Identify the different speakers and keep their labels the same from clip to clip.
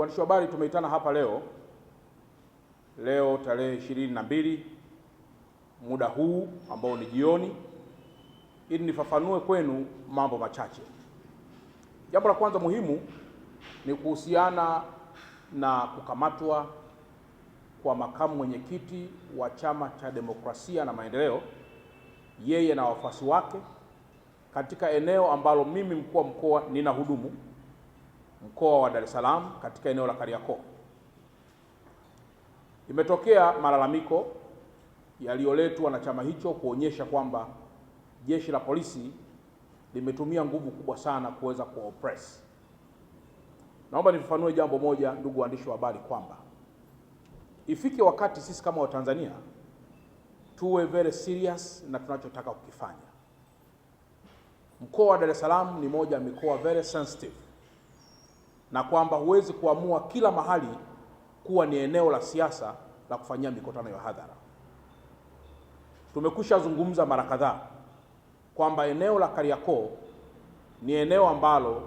Speaker 1: Waandishi wa habari tumeitana hapa leo, leo tarehe ishirini na mbili muda huu ambao ni jioni, ili nifafanue kwenu mambo machache. Jambo la kwanza muhimu ni kuhusiana na kukamatwa kwa makamu mwenyekiti wa Chama cha Demokrasia na Maendeleo, yeye na wafuasi wake katika eneo ambalo mimi mkuu wa mkoa ninahudumu mkoa wa Dar es Salaam katika eneo la Kariakoo. Imetokea malalamiko yaliyoletwa na chama hicho kuonyesha kwamba jeshi la polisi limetumia nguvu kubwa sana kuweza kuoppress. Naomba nifafanue jambo moja, ndugu waandishi wa habari, kwamba ifike wakati sisi kama Watanzania tuwe very serious na tunachotaka kukifanya. Mkoa wa Dar es Salaam ni moja ya mikoa very sensitive na kwamba huwezi kuamua kila mahali kuwa ni eneo la siasa la kufanyia mikutano ya hadhara. Tumekwisha zungumza mara kadhaa kwamba eneo la Kariakoo ni eneo ambalo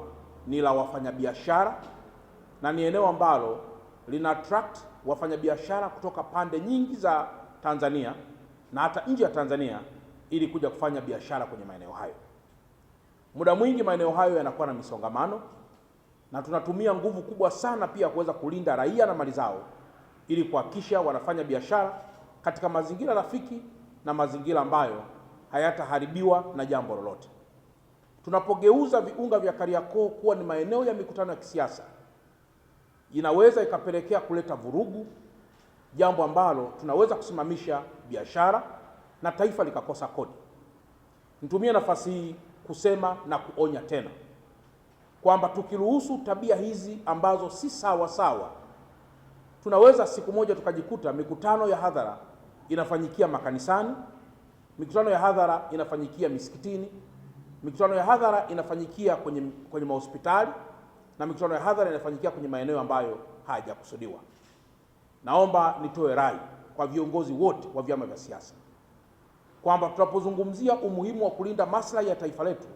Speaker 1: ni la wafanyabiashara na ni eneo ambalo lina attract wafanyabiashara kutoka pande nyingi za Tanzania na hata nje ya Tanzania ili kuja kufanya biashara kwenye maeneo hayo. Muda mwingi maeneo hayo yanakuwa na misongamano na tunatumia nguvu kubwa sana pia kuweza kulinda raia na mali zao ili kuhakikisha wanafanya biashara katika mazingira rafiki na mazingira ambayo hayataharibiwa na jambo lolote. Tunapogeuza viunga vya Kariakoo kuwa ni maeneo ya mikutano ya kisiasa, inaweza ikapelekea kuleta vurugu, jambo ambalo tunaweza kusimamisha biashara na taifa likakosa kodi. Nitumie nafasi hii kusema na kuonya tena kwamba tukiruhusu tabia hizi ambazo si sawa sawa, tunaweza siku moja tukajikuta mikutano ya hadhara inafanyikia makanisani, mikutano ya hadhara inafanyikia misikitini, mikutano ya hadhara inafanyikia kwenye, kwenye mahospitali na mikutano ya hadhara inafanyikia kwenye maeneo ambayo hayajakusudiwa. Naomba nitoe rai kwa viongozi wote wa vyama vya siasa kwamba tunapozungumzia umuhimu wa kulinda maslahi ya taifa letu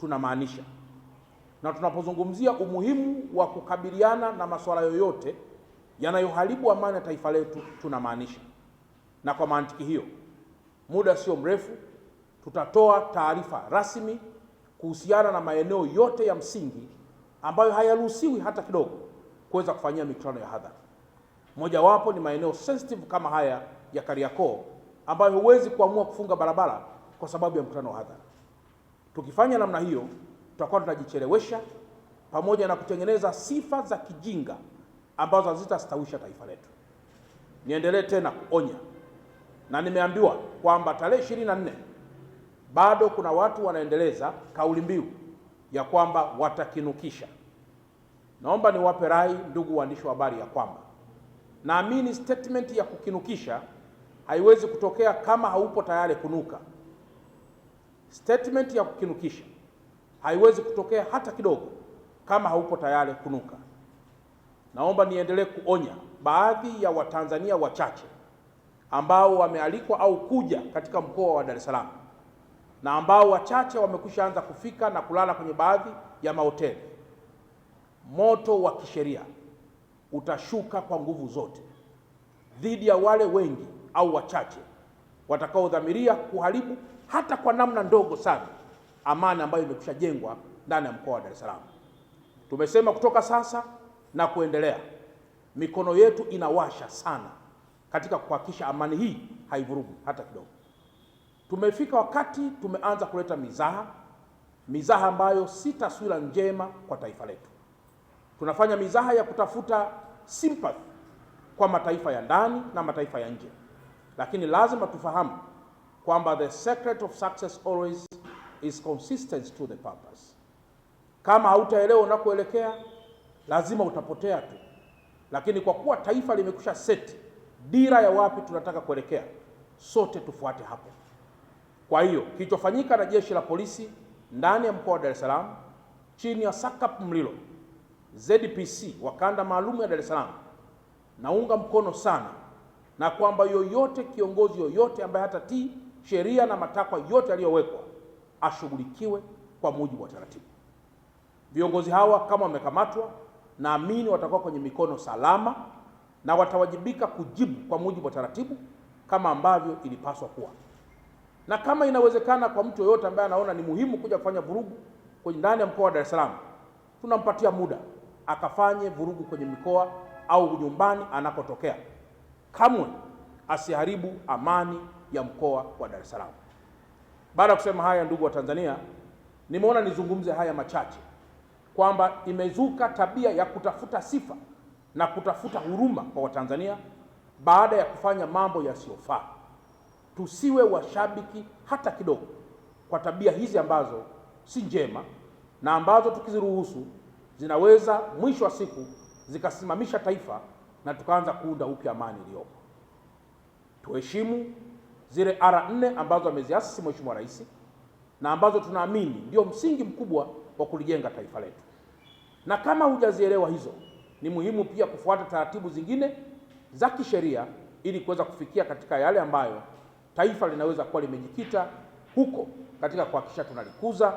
Speaker 1: tunamaanisha na tunapozungumzia umuhimu wa kukabiliana na masuala yoyote yanayoharibu amani ya taifa letu tunamaanisha. Na kwa mantiki hiyo, muda sio mrefu tutatoa taarifa rasmi kuhusiana na maeneo yote ya msingi ambayo hayaruhusiwi hata kidogo kuweza kufanyia mikutano ya hadhara. Mojawapo ni maeneo sensitive kama haya ya Kariakoo ambayo huwezi kuamua kufunga barabara kwa sababu ya mkutano wa hadhara. Tukifanya namna hiyo tutakuwa tunajichelewesha pamoja na kutengeneza sifa za kijinga ambazo hazitastawisha taifa letu. Niendelee tena kuonya, na nimeambiwa kwamba tarehe ishirini na nne bado kuna watu wanaendeleza kauli mbiu ya kwamba watakinukisha. Naomba niwape rai, ndugu waandishi wa habari, ya kwamba naamini statement ya kukinukisha haiwezi kutokea kama haupo tayari kunuka. Statement ya kukinukisha haiwezi kutokea hata kidogo kama haupo tayari kunuka. Naomba niendelee kuonya baadhi ya Watanzania wachache ambao wamealikwa au kuja katika mkoa wa Dar es Salaam na ambao wachache wamekwisha anza kufika na kulala kwenye baadhi ya mahoteli. Moto wa kisheria utashuka kwa nguvu zote dhidi ya wale wengi au wachache watakaodhamiria kuharibu hata kwa namna ndogo sana amani ambayo imekwisha jengwa ndani ya mkoa wa Dar es Salaam. Tumesema kutoka sasa na kuendelea, mikono yetu inawasha sana katika kuhakikisha amani hii haivurugu hata kidogo. Tumefika wakati tumeanza kuleta mizaha, mizaha ambayo si taswira njema kwa taifa letu. Tunafanya mizaha ya kutafuta sympathy kwa mataifa ya ndani na mataifa ya nje, lakini lazima tufahamu kwamba the secret of success always is consistent to the purpose. Kama hautaelewa unakoelekea lazima utapotea tu, lakini kwa kuwa taifa limekusha seti dira ya wapi tunataka kuelekea, sote tufuate hapo. Kwa hiyo kilichofanyika na jeshi la polisi ndani ya mkoa wa Dar es Salaam chini ya SACP Mlilo ZPC wa kanda maalum ya Dar es Salaam naunga mkono sana, na kwamba yoyote kiongozi yoyote ambaye hata ti sheria na matakwa yote yaliyowekwa ashughulikiwe kwa mujibu wa taratibu. Viongozi hawa kama wamekamatwa, naamini watakuwa kwenye mikono salama na watawajibika kujibu kwa mujibu wa taratibu kama ambavyo ilipaswa kuwa, na kama inawezekana, kwa mtu yoyote ambaye anaona ni muhimu kuja kufanya vurugu kwenye ndani ya mkoa wa Dar es Salaam, tunampatia muda akafanye vurugu kwenye mikoa au nyumbani anakotokea. Kamwe asiharibu amani ya mkoa wa Dar es Salaam. Baada ya kusema haya, ndugu wa Tanzania, nimeona nizungumze haya machache kwamba imezuka tabia ya kutafuta sifa na kutafuta huruma kwa Watanzania baada ya kufanya mambo yasiyofaa. Tusiwe washabiki hata kidogo kwa tabia hizi ambazo si njema na ambazo tukiziruhusu zinaweza mwisho wa siku zikasimamisha taifa na tukaanza kuunda upya amani iliyopo. Tuheshimu zile R nne ambazo ameziasisi Mheshimiwa Rais na ambazo tunaamini ndio msingi mkubwa wa kulijenga taifa letu. Na kama hujazielewa hizo, ni muhimu pia kufuata taratibu zingine za kisheria ili kuweza kufikia katika yale ambayo taifa linaweza kuwa limejikita huko katika kuhakikisha tunalikuza,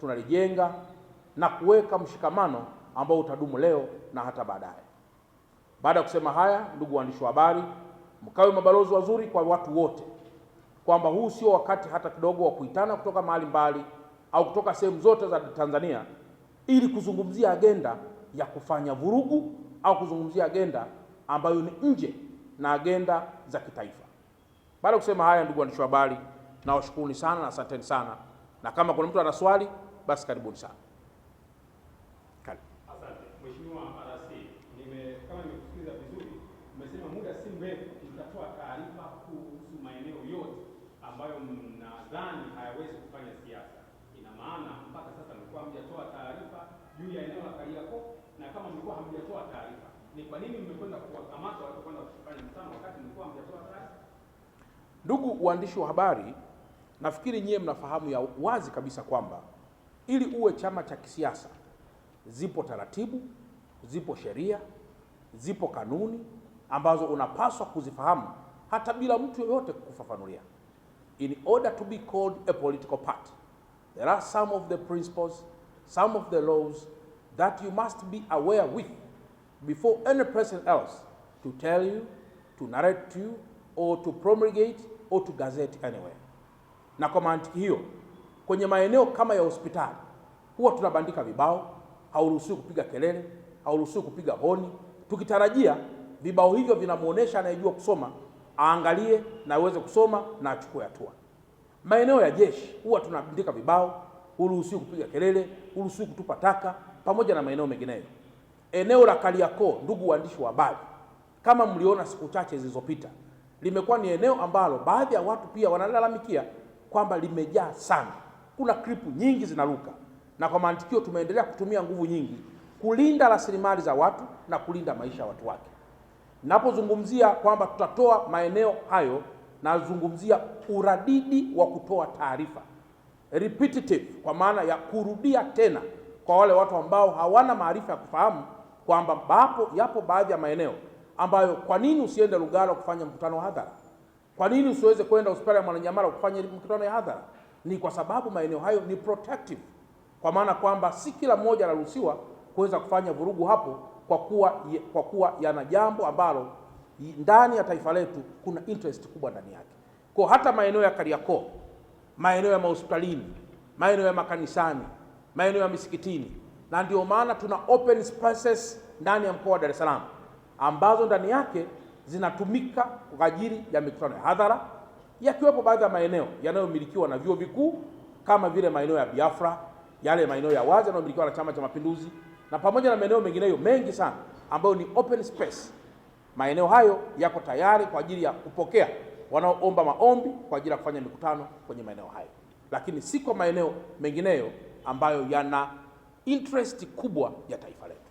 Speaker 1: tunalijenga na kuweka mshikamano ambao utadumu leo na hata baadaye. Baada ya kusema haya, ndugu waandishi wa habari, mkawe mabalozi wazuri kwa watu wote kwamba huu sio wakati hata kidogo wa kuitana kutoka mahali mbali au kutoka sehemu zote za Tanzania ili kuzungumzia agenda ya kufanya vurugu au kuzungumzia agenda ambayo ni nje na agenda za kitaifa. Baada ya kusema haya, ndugu waandishi wa habari, nawashukuruni sana na asanteni sana, na kama kuna mtu ana swali basi karibuni sana.
Speaker 2: ambayo mnadhani hayawezi kufanya siasa. Ina maana mpaka sasa mlikuwa hamjatoa taarifa juu ya eneo la Kariakoo, na kama mlikuwa hamjatoa taarifa, ni kwa nini mmekwenda kuwakamata watu kwenda kufanya mkutano wakati mlikuwa hamjatoa taarifa?
Speaker 1: Ndugu waandishi wa habari, nafikiri nyie mnafahamu ya wazi kabisa kwamba ili uwe chama cha kisiasa, zipo taratibu, zipo sheria, zipo kanuni ambazo unapaswa kuzifahamu hata bila mtu yoyote kukufafanulia in order to be called a political party, there are some of the principles, some of the laws that you must be aware with before any person else to tell you, to narrate to you, or to promulgate or to gazette anywhere. Na kwa mantiki hiyo, kwenye maeneo kama ya hospitali huwa tunabandika vibao, hauruhusiwi kupiga kelele, hauruhusiwi kupiga honi, tukitarajia vibao hivyo vinamwonyesha anayejua kusoma aangalie na aweze kusoma na achukue hatua. Maeneo ya jeshi huwa tunabindika vibao, huruhusiwi kupiga kelele, huruhusiwi kutupa taka, pamoja na maeneo mengineyo. Eneo la Kariakoo, ndugu waandishi wa habari, kama mliona siku chache zilizopita, limekuwa ni eneo ambalo baadhi ya watu pia wanalalamikia kwamba limejaa sana, kuna kripu nyingi zinaruka, na kwa mantikio tumeendelea kutumia nguvu nyingi kulinda rasilimali za watu na kulinda maisha ya watu wake. Napozungumzia kwamba tutatoa maeneo hayo, nazungumzia uradidi wa kutoa taarifa repetitive, kwa maana ya kurudia tena, kwa wale watu ambao hawana maarifa ya kufahamu kwamba bapo yapo baadhi ya maeneo ambayo, kwa nini usiende Lugalo kufanya mkutano wa hadhara? Kwa nini usiweze kwenda hospitali ya Mwananyamala kufanya mkutano ya hadhara? Ni kwa sababu maeneo hayo ni protective, kwa maana kwamba si kila mmoja anaruhusiwa kuweza kufanya vurugu hapo kwa kuwa, kwa kuwa yana jambo ambalo ndani ya taifa letu kuna interest kubwa ndani yake. Kwa hata maeneo ya Kariakoo, maeneo ya mahospitalini, maeneo ya makanisani, maeneo ya misikitini, na ndio maana tuna open spaces ndani ya mkoa wa Dar es Salaam ambazo ndani yake zinatumika kwa ajili ya mikutano ya hadhara, yakiwepo baadhi ya maeneo yanayomilikiwa na vyuo vikuu kama vile maeneo ya Biafra yale maeneo ya wazi yanayomilikiwa na Chama cha Mapinduzi na pamoja na maeneo mengineyo mengi sana ambayo ni open space. Maeneo hayo yako tayari kwa ajili ya kupokea wanaoomba maombi kwa ajili ya kufanya mikutano kwenye maeneo hayo, lakini si kwa maeneo mengineyo ambayo yana interest kubwa ya taifa letu.